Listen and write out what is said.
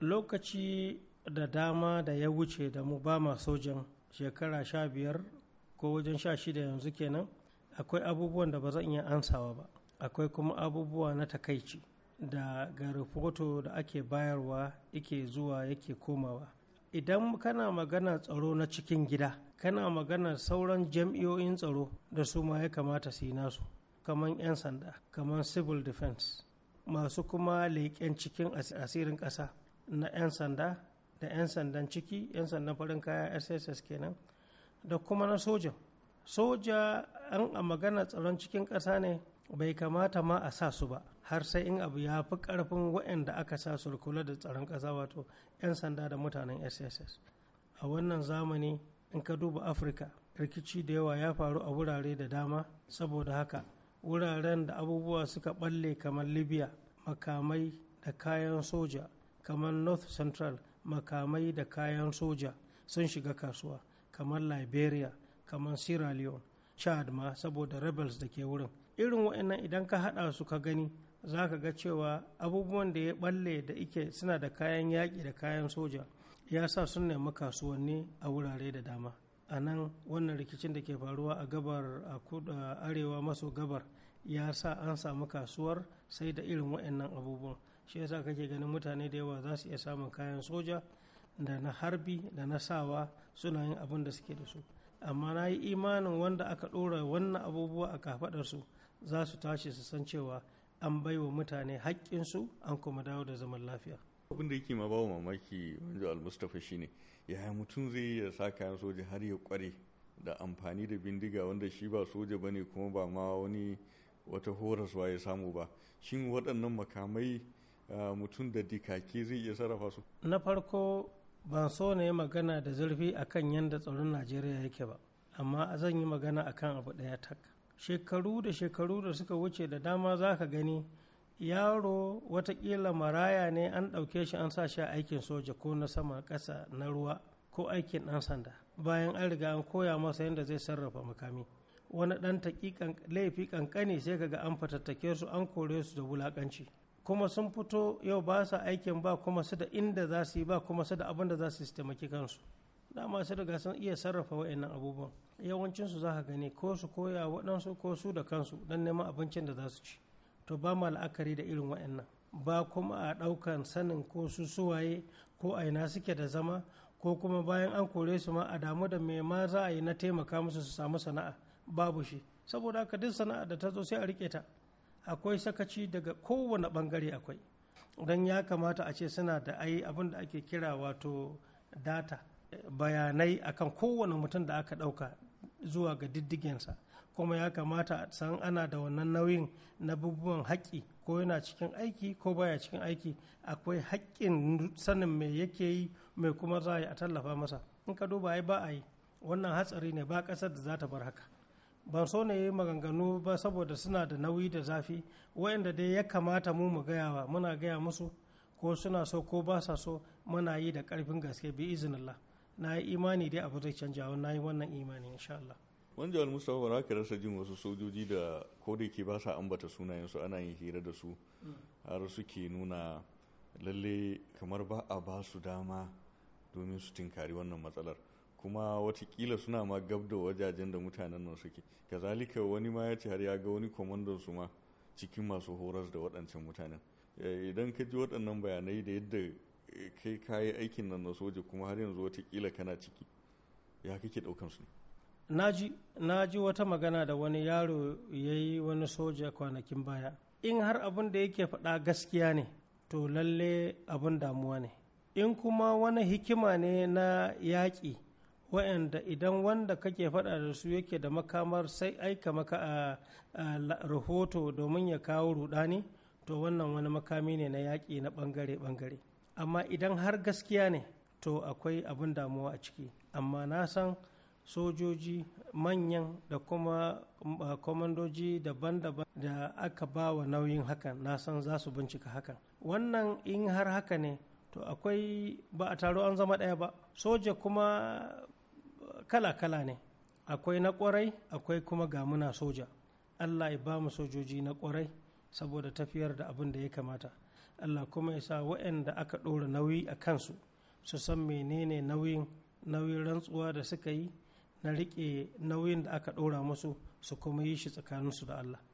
lokaci da dama da ya wuce da mu ba ma sojan shekara sha biyar ko wajen sha shida yanzu kenan akwai abubuwan da ba zan iya ansawa ba akwai kuma abubuwa na takaici da ga rahoto da ake bayarwa yake zuwa yake komawa idan kana magana tsaro na cikin gida kana magana sauran jam'iyoyin tsaro da su ma ya kamata su yi nasu kamar 'yan sanda kamar civil defense masu kuma leƙen cikin asirin ƙasa na 'yan sanda da 'yan sandan ciki 'yan sandan farin kaya sss kenan da kuma na soja soja an a magana tsaron cikin ƙasa ne bai kamata ma a sa su ba har sai in abu ya fi ƙarfin waɗanda aka sa su kula da tsaron ƙasa wato 'yan sanda da mutanen sss a wannan zamani in ka duba afirka rikici da yawa ya faru a wurare da dama saboda haka wuraren da abubuwa suka balle kamar libya makamai da kayan soja kamar north central makamai da kayan soja sun shiga kasuwa kamar liberia kamar sierra leone chad ma saboda rebels da ke wurin irin wa'annan idan ka hada su ka gani za ka ga cewa abubuwan da ya balle da ike suna da kayan yaƙi da kayan soja ya sa sun nemi kasuwanni a wurare da dama a nan wannan rikicin da ke faruwa a gabar a arewa maso gabar ya sa an samu kasuwar sai da irin waɗannan abubuwan shi yasa kake ganin mutane da yawa za su iya samun kayan soja da na harbi da na sawa suna yin abin da suke da su amma na yi imanin wanda aka ɗora wannan abubuwa a kafaɗarsu za su tashi su san cewa an bai wa mutane haƙƙinsu an kuma dawo da zaman lafiya abin da yake ma bawa mamaki wanzu almustafa shine yaya mutum zai ya sa kayan soja har ya kware da amfani da bindiga wanda shi ba soja bane kuma ba ma wani wata horaswa ya samu ba shin waɗannan makamai mutum da dikaki zai iya sarrafa su na farko ban so na yi magana da zurfi akan yadda tsaron najeriya yake ba amma a zan yi magana akan abu ɗaya tak shekaru da shekaru da suka wuce da dama za ka gani yaro watakila maraya ne an ɗauke shi an sa shi aikin soja ko na sama ƙasa na ruwa ko aikin ɗan sanda bayan an riga an koya masa yadda zai sarrafa makami wani ɗan laifi ƙanƙani sai kaga an fatattake su an kore su da wulaƙanci. kuma sun fito yau ba su aikin ba kuma su da inda za su yi ba kuma su da abin da za su taimaki kansu dama su riga sun iya sarrafa wa'annan abubuwan yawancin su za ka gani ko su koya waɗansu ko su da kansu don neman abincin da za su ci to ba ma la'akari da irin wa'annan ba kuma a ɗaukan sanin ko su suwaye ko a ina suke da zama ko kuma bayan an kore su ma a damu da me ma za a yi na taimaka musu su samu sana'a babu shi saboda haka duk sana'a da ta zo sai a rike ta akwai sakaci daga kowane bangare akwai don ya kamata a ce suna da ai abin da ake kira wato data bayanai akan kowane mutum da aka ɗauka zuwa ga diddigensa kuma ya kamata a san ana da wannan nauyin na bubuwan haƙƙi ko yana cikin aiki ko baya cikin aiki akwai haƙƙin sanin me yake yi mai kuma za a tallafa masa in ka duba ai ba a yi wannan hatsari ne ba ƙasar da za ta bar haka ba so ne maganganu ba saboda suna da nauyi da zafi wayanda dai ya kamata mu mu gaya wa muna gaya musu ko suna so ko ba sa so muna yi da karfin gaske bi izinillah na yi imani dai abu zai canja na yi wannan imani insha Allah wanda al mustafa ba ka rasa jin wasu sojoji da ko da ke ba sa ambata sunayensu ana yin hira da su har suke nuna lalle kamar ba a ba su dama domin su tinkari wannan matsalar kuma watakila suna ma gab da wajajen da mutanen nan suke kazalika wani ma ya ce har ya ga wani kwamandan su ma cikin masu horas da waɗancan mutanen eh, idan ka ji waɗannan bayanai da yadda eh, kai kayi aikin nan na soja kuma har yanzu watakila kana ciki ya kake ɗaukan su Na ji wata magana da wani yaro ya yi wani soja kwanakin baya in har abin da yake faɗa gaskiya ne to lalle abin damuwa ne in kuma wani hikima ne na yaƙi waɗanda idan wanda kake faɗa da su yake da makamar sai aika maka a rahoto domin ya kawo rudani to wannan wani makami ne na yaƙi na bangare-bangare. amma idan har gaskiya ne to akwai abin damuwa a ciki amma na san sojoji manyan da kuma kwamandoji daban-daban da aka ba wa nauyin hakan na san za su bincika hakan wannan in har haka ne to akwai ba a taro an zama ɗaya ba soja kuma kala-kala ne akwai na kwarai akwai kuma ga muna soja allah ya ba mu sojoji na kwarai saboda tafiyar da abin da ya kamata allah kuma ya sa waɗanda aka ɗora nauyi a kansu su san menene nauyin nauyin rantsuwa da suka yi na riƙe nauyin da aka ɗora musu su kuma yi shi tsakaninsu da allah